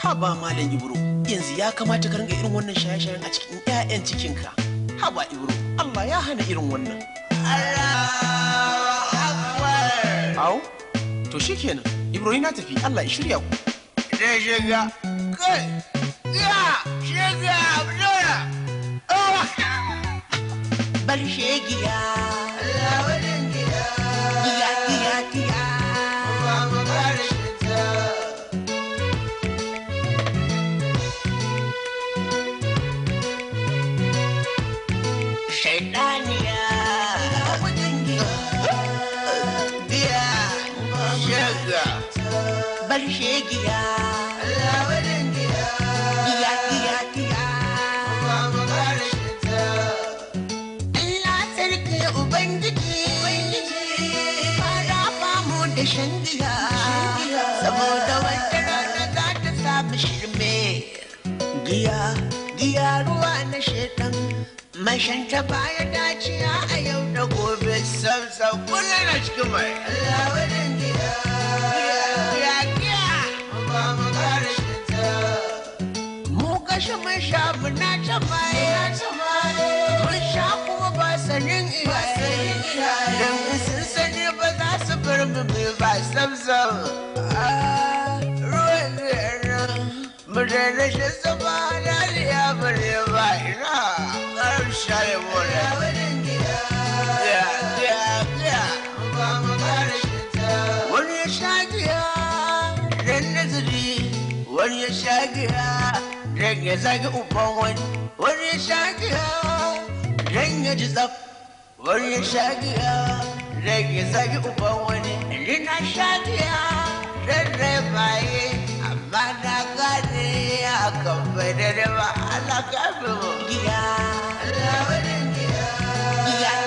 haba malam ibro yanzu ya kamata ka ringa irin wannan shaye-shayen a cikin 'ya'yan cikinka haba ibro allah ya hana irin wannan Au, to shi kenan, Ibrahim na tafi Allah ya shirya ku. Zai shiga, kai, ya shiga, Abdullah, oh, bar shegiya. shaidaniya biya shaga bar shegiya giya giya giya Allah sarki ubangiji fara famu da shan saboda wata rana za ta samu shirme giya iya ruwa na shekan mashanta baya daciya a yau da gobe sam sam kullum na cikin mai Allah wajen gida ya ba mu kare shi ta mu kashe mun sha na mun sha kuma ba iyaye sun ba za su mu ba ah, mu zama na wuri ba ina ƙarar share wuri ya ya ya wani ya sha giya don nazari wani ya sha giya don ya zagi uban wani wani ya sha giya don ya ji tsaf wani ya sha giya don ya zagi uban wani ni na sha giya don rai baye daidai ba Allah ka fi giya Allah wadin idan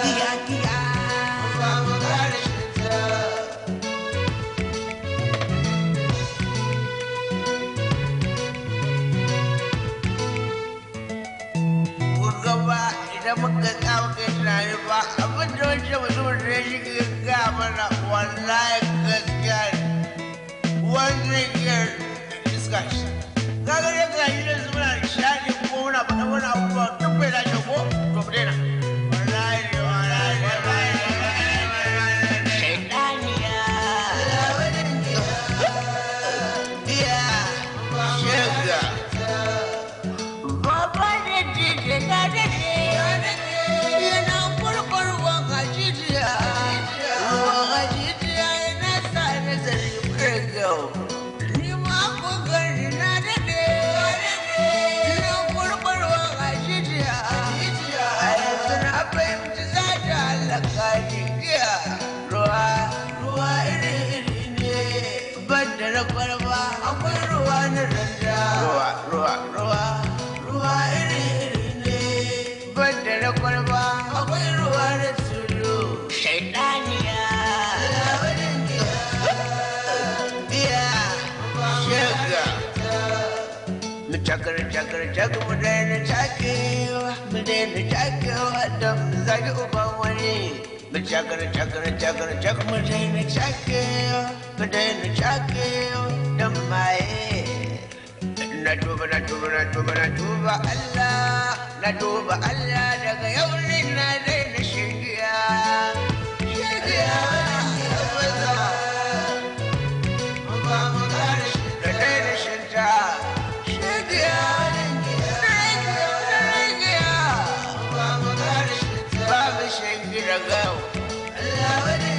我我让我说，东北人有福。chakar chakar chak mu daina cakewa mu daina cakewa don mu zagi uban wani mu chakar chakar chakar chak mu daina cakewa mu daina cakewa na tuba na tuba na tuba na tuba Allah na tuba Allah daga Ragao. Allah, Allah.